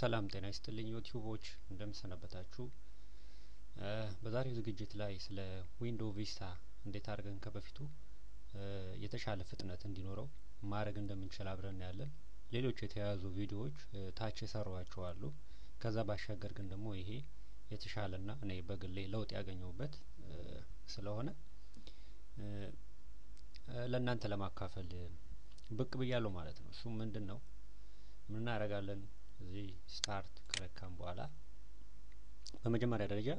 ሰላም ጤና ይስጥልኝ ዩቲዩቦች እንደምሰነበታችሁ። በዛሬው ዝግጅት ላይ ስለ ዊንዶው ቪስታ እንዴት አድርገን ከበፊቱ የተሻለ ፍጥነት እንዲኖረው ማድረግ እንደምንችል አብረን ያለን። ሌሎች የተያያዙ ቪዲዮዎች ታች የሰሯቸው አሉ። ከዛ ባሻገር ግን ደግሞ ይሄ የተሻለና እኔ በግሌ ለውጥ ያገኘሁበት ስለሆነ ለእናንተ ለማካፈል ብቅ ብያለሁ ማለት ነው። እሱም ምንድን ነው ምን እናደርጋለን እዚህ ስታርት ከነካም በኋላ በመጀመሪያ ደረጃ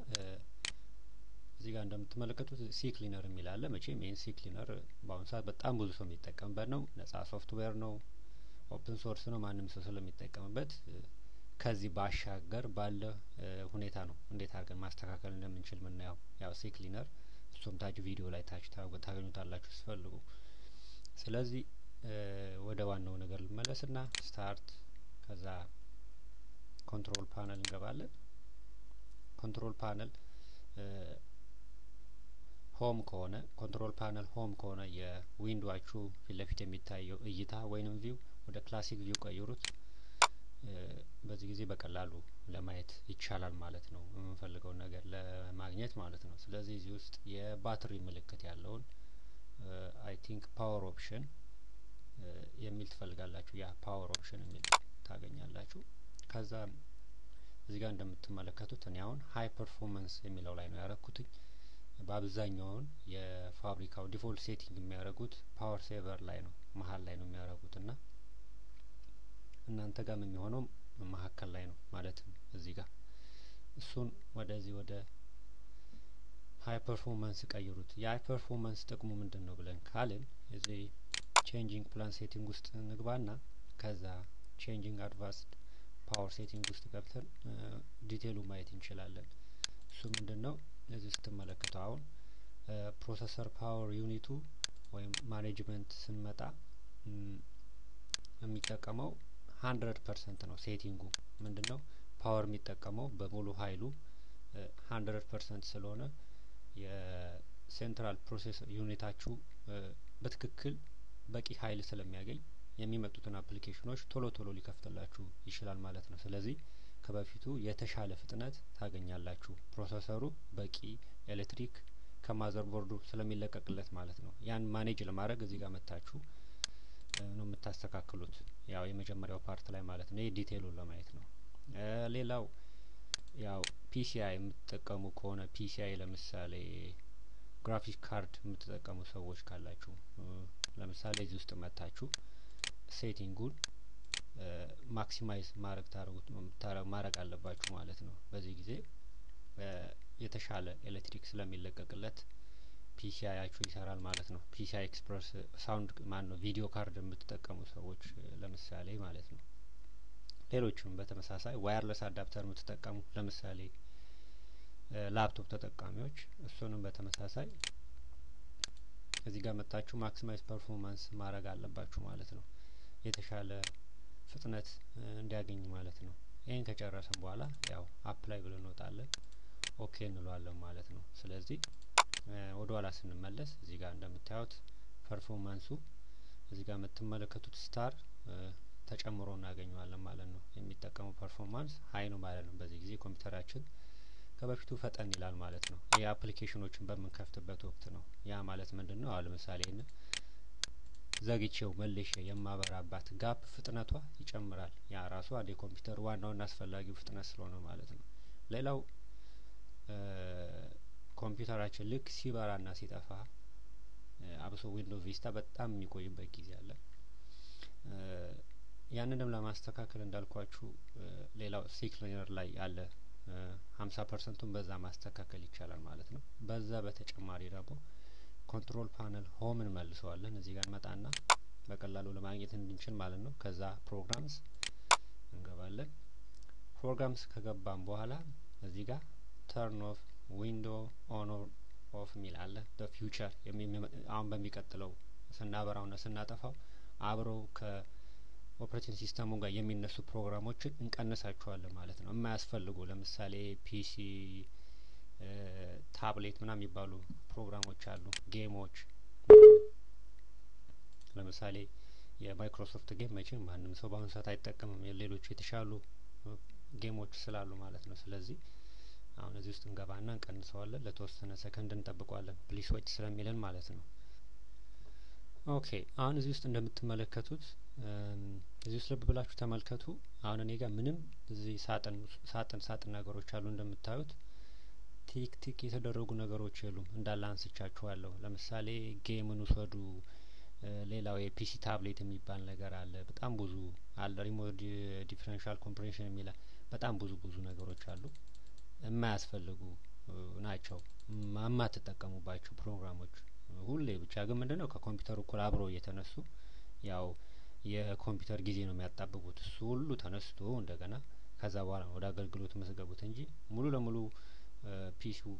እዚህ ጋር እንደምትመለከቱት ሲ ክሊነር የሚል አለ። መቼም ይህን ሲ ክሊነር በአሁኑ ሰዓት በጣም ብዙ ሰው የሚጠቀምበት ነው። ነጻ ሶፍትዌር ነው፣ ኦፕን ሶርስ ነው። ማንም ሰው ስለሚጠቀምበት ከዚህ ባሻገር ባለ ሁኔታ ነው እንዴት አድርገን ማስተካከል እንደምንችል ምናየው። ያው ሲ ክሊነር እሱም ታች ቪዲዮ ላይ ታች ታገኙታላችሁ ስፈልጉ። ስለዚህ ወደ ዋናው ነገር ልመለስና ስታርት ከዛ ኮንትሮል ፓነል እንገባለን። ኮንትሮል ፓነል ሆም ከሆነ ኮንትሮል ፓነል ሆም ከሆነ የዊንዶዋችሁ ፊት ለፊት የሚታየው እይታ ወይንም ቪው ወደ ክላሲክ ቪው ቀይሩት። በዚህ ጊዜ በቀላሉ ለማየት ይቻላል ማለት ነው፣ የምንፈልገውን ነገር ለማግኘት ማለት ነው። ስለዚህ እዚህ ውስጥ የባትሪ ምልክት ያለውን አይ ቲንክ ፓወር ኦፕሽን የሚል ትፈልጋላችሁ። ያ ፓወር ኦፕሽን የሚል ታገኛላችሁ። ከዛ እዚህ ጋር እንደምትመለከቱት እኔ አሁን ሀይ ፐርፎርመንስ የሚለው ላይ ነው ያረኩትኝ በአብዛኛውን የፋብሪካው ዲፎልት ሴቲንግ የሚያደርጉት ፓወር ሴቨር ላይ ነው መሀል ላይ ነው የሚያደረጉት እና እናንተ ጋም የሚሆነው መካከል ላይ ነው ማለትም እዚህ ጋር እሱን ወደዚህ ወደ ሀይ ፐርፎርማንስ ቀይሩት። የሀይ ፐርፎርማንስ ጥቅሙ ምንድን ነው ብለን ካልን እዚህ ቼንጂንግ ፕላን ሴቲንግ ውስጥ ንግባና ከዛ ቼንጂንግ አድቫንስድ ፓወር ሴቲንግ ውስጥ ገብተን ዲቴሉ ማየት እንችላለን። እሱ ምንድን ነው? እዚህ ስትመለከተው አሁን ፕሮሰሰር ፓወር ዩኒቱ ወይም ማኔጅመንት ስንመጣ የሚጠቀመው ሀንድረድ ፐርሰንት ነው። ሴቲንጉ ምንድን ነው? ፓወር የሚጠቀመው በሙሉ ሀይሉ ሀንድረድ ፐርሰንት ስለሆነ የሴንትራል ፕሮሴሰር ዩኒታችሁ በትክክል በቂ ሀይል ስለሚያገኝ የሚመጡትን አፕሊኬሽኖች ቶሎ ቶሎ ሊከፍትላችሁ ይችላል ማለት ነው። ስለዚህ ከበፊቱ የተሻለ ፍጥነት ታገኛላችሁ። ፕሮሰሰሩ በቂ ኤሌክትሪክ ከማዘርቦርዱ ስለሚለቀቅለት ማለት ነው። ያን ማኔጅ ለማድረግ እዚህ ጋር መታችሁ ነው የምታስተካክሉት። ያው የመጀመሪያው ፓርት ላይ ማለት ነው። ይህ ለማየት ነው። ሌላው ያው ፒሲአይ የምትጠቀሙ ከሆነ ፒሲአይ ለምሳሌ ግራፊክ ካርድ የምትጠቀሙ ሰዎች ካላችሁ ለምሳሌ እዚህ ውስጥ መታችሁ ሴቲንጉን ማክሲማይዝ ማድረግ ታረጉት ማድረግ አለባችሁ ማለት ነው። በዚህ ጊዜ የተሻለ ኤሌክትሪክ ስለሚለቀቅለት ፒሲአያችሁ ይሰራል ማለት ነው። ፒሲአይ ኤክስፕረስ ሳውንድ ማን ነው ቪዲዮ ካርድ የምትጠቀሙ ሰዎች ለምሳሌ ማለት ነው። ሌሎችም በተመሳሳይ ዋየርለስ አዳፕተር የምትጠቀሙ ለምሳሌ ላፕቶፕ ተጠቃሚዎች እሱንም በተመሳሳይ እዚህ ጋር መጥታችሁ ማክሲማይዝ ፐርፎርማንስ ማድረግ አለባችሁ ማለት ነው። የተሻለ ፍጥነት እንዲያገኝ ማለት ነው። ይህን ከጨረስን በኋላ ያው አፕላይ ብለን እንወጣለን፣ ኦኬ እንለዋለን ማለት ነው። ስለዚህ ወደ ኋላ ስንመለስ እዚህ ጋር እንደምታዩት ፐርፎርማንሱ እዚህ ጋር የምትመለከቱት ስታር ተጨምሮ እናገኘዋለን ማለት ነው። የሚጠቀመው ፐርፎርማንስ ሀይ ነው ማለት ነው። በዚህ ጊዜ ኮምፒውተራችን ከበፊቱ ፈጠን ይላል ማለት ነው። ይህ አፕሊኬሽኖችን በምንከፍትበት ወቅት ነው። ያ ማለት ምንድን ነው? አሁን ለምሳሌ ይህንን ዘግቼው መልሼ የማበራባት ጋፕ ፍጥነቷ ይጨምራል ያ ራሱ አንድ የኮምፒውተር ዋናውና አስፈላጊው ፍጥነት ስለሆነ ማለት ነው። ሌላው ኮምፒውተራችን ልክ ሲበራና ሲጠፋ አብሶ ዊንዶ ቪስታ በጣም የሚቆይበት ጊዜ አለ። ያንንም ለማስተካከል እንዳልኳችሁ ሌላው ሲክ ላይ ያለ ሀምሳ ፐርሰንቱን በዛ ማስተካከል ይቻላል ማለት ነው። በዛ በተጨማሪ ደግሞ ኮንትሮል ፓነል ሆም እንመልሰዋለን እዚህ ጋር መጣና በቀላሉ ለማግኘት እንድንችል ማለት ነው። ከዛ ፕሮግራምስ እንገባለን። ፕሮግራምስ ከገባም በኋላ እዚህ ጋር ተርን ኦፍ ዊንዶ ኦን ኦፍ የሚል አለ። በፊውቸር አሁን በሚቀጥለው ስናበራውና ስናጠፋው አብረው ከኦፕሬቲንግ ሲስተሙ ጋር የሚነሱ ፕሮግራሞችን እንቀንሳቸዋለን ማለት ነው። የማያስፈልጉ ለምሳሌ ፒሲ ታብሌት ምናምን የሚባሉ ፕሮግራሞች አሉ፣ ጌሞች ለምሳሌ የማይክሮሶፍት ጌም መቼም ማንም ሰው በአሁኑ ሰዓት አይጠቀምም። ሌሎቹ የተሻሉ ጌሞች ስላሉ ማለት ነው። ስለዚህ አሁን እዚህ ውስጥ እንገባና እንቀንሰዋለን። ለተወሰነ ሰከንድ እንጠብቋለን፣ ፕሊስ ስለሚለን ማለት ነው። ኦኬ አሁን እዚህ ውስጥ እንደምትመለከቱት እዚህ ውስጥ ልብ ብላችሁ ተመልከቱ። አሁን እኔ ጋር ምንም እዚህ ሳጥን ሳጥን ሳጥን ነገሮች አሉ እንደምታዩት ቲክቲክ የተደረጉ ነገሮች የሉም እንዳለ አንስቻችኋለሁ ለምሳሌ ጌምን ውሰዱ ሌላው የፒሲ ታብሌት የሚባል ነገር አለ በጣም ብዙ አለ ሪሞት ዲፍረንሻል ኮምፕሬንሽን የሚለ በጣም ብዙ ብዙ ነገሮች አሉ የማያስፈልጉ ናቸው የማትጠቀሙባቸው ፕሮግራሞች ሁሌ ብቻ ግን ምንድነው ከኮምፒውተር እኩል አብረው እየተነሱ ያው የኮምፒውተር ጊዜ ነው የሚያጣብቁት እሱ ሁሉ ተነስቶ እንደገና ከዛ በኋላ ወደ አገልግሎት መስገቡት እንጂ ሙሉ ለሙሉ ፒሲው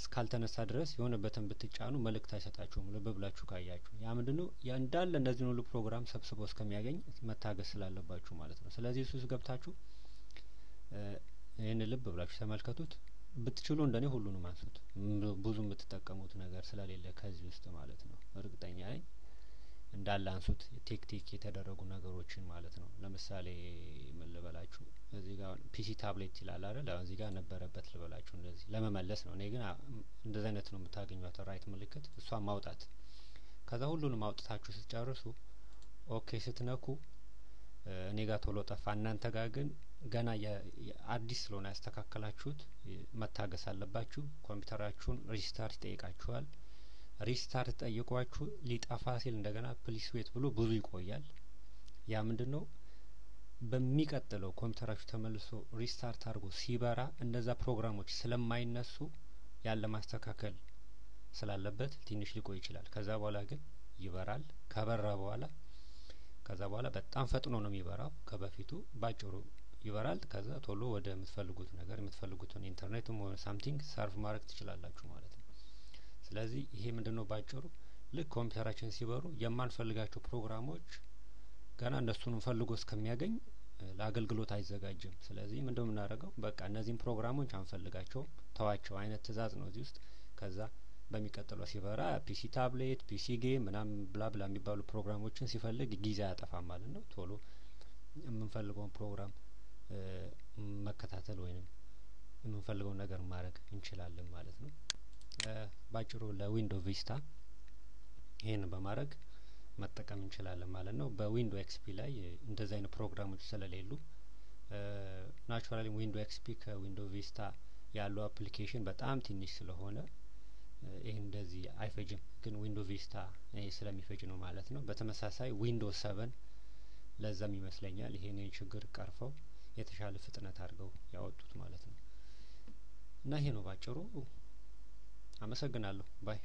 እስካልተነሳ ድረስ የሆነበትን ብትጫኑ መልእክት አይሰጣችሁም። ልብ ብላችሁ ካያችሁ ያ ምንድነው እንዳለ እነዚህን ሁሉ ፕሮግራም ሰብስቦ እስከሚያገኝ መታገስ ስላለባችሁ ማለት ነው። ስለዚህ እሱ ውስጥ ገብታችሁ ይህን ልብ ብላችሁ ተመልከቱት። ብትችሉ እንደኔ ሁሉንም አንሱት። ብዙ የምትጠቀሙት ነገር ስለሌለ ከዚህ ውስጥ ማለት ነው እርግጠኛ ነኝ። እንዳለ አንሱት ቴክቲክ የተደረጉ ነገሮችን ማለት ነው። ለምሳሌ ምን ልበላችሁ እዚህ ጋር ፒሲ ታብሌት ይላል አይደል? አሁን እዚህ ጋር ነበረበት ልበላችሁ እንደዚህ ለመመለስ ነው። እኔ ግን እንደዚህ አይነት ነው የምታገኟት ራይት ምልክት፣ እሷ ማውጣት። ከዛ ሁሉንም አውጥታችሁ ስትጨርሱ ኦኬ ስትነኩ እኔ ጋር ቶሎ ጠፋ። እናንተ ጋር ግን ገና አዲስ ስለሆነ ያስተካከላችሁት መታገስ አለባችሁ። ኮምፒውተራችሁን ሪስታርት ይጠይቃችኋል። ሪስታርት ጠይቋችሁ ሊጠፋ ሲል እንደገና ፕሊስ ዌት ብሎ ብዙ ይቆያል። ያ ምንድን ነው? በሚቀጥለው ኮምፒውተራችሁ ተመልሶ ሪስታርት አድርጎ ሲበራ እነዛ ፕሮግራሞች ስለማይነሱ ያለ ማስተካከል ስላለበት ትንሽ ሊቆይ ይችላል። ከዛ በኋላ ግን ይበራል። ከበራ በኋላ ከዛ በኋላ በጣም ፈጥኖ ነው የሚበራው ከበፊቱ ባጭሩ ይበራል። ከዛ ቶሎ ወደ የምትፈልጉት ነገር የምትፈልጉትን ኢንተርኔትም ሆነ ሳምቲንግ ሰርፍ ማድረግ ትችላላችሁ ማለት ነው። ስለዚህ ይሄ ምንድነው ባጭሩ ልክ ኮምፒውተራችን ሲበሩ የማንፈልጋቸው ፕሮግራሞች ገና እነሱንም ፈልጎ እስከሚያገኝ ለአገልግሎት አይዘጋጅም። ስለዚህ ምንድ የምናደርገው? በቃ እነዚህም ፕሮግራሞች አንፈልጋቸውም፣ ተዋቸው አይነት ትእዛዝ ነው እዚህ ውስጥ። ከዛ በሚቀጥለው ሲበራ ፒሲ ታብሌት፣ ፒሲ ጌም ምናምን ብላብላ የሚባሉ ፕሮግራሞችን ሲፈልግ ጊዜ አያጠፋ ማለት ነው። ቶሎ የምንፈልገውን ፕሮግራም መከታተል ወይንም የምንፈልገውን ነገር ማድረግ እንችላለን ማለት ነው። ባጭሩ ለዊንዶ ቪስታ ይህን በማድረግ መጠቀም እንችላለን ማለት ነው። በዊንዶ ኤክስፒ ላይ እንደዚህ አይነት ፕሮግራሞች ስለሌሉ ናቹራሊ ዊንዶ ኤክስፒ ከዊንዶ ቪስታ ያለው አፕሊኬሽን በጣም ትንሽ ስለሆነ ይህ እንደዚህ አይፈጅም፣ ግን ዊንዶ ቪስታ ስለሚፈጅ ነው ማለት ነው። በተመሳሳይ ዊንዶ ሰቨን ለዛም ይመስለኛል ይሄንን ችግር ቀርፈው የተሻለ ፍጥነት አድርገው ያወጡት ማለት ነው እና ይሄ ነው ባጭሩ አመሰግናለሁ ባይ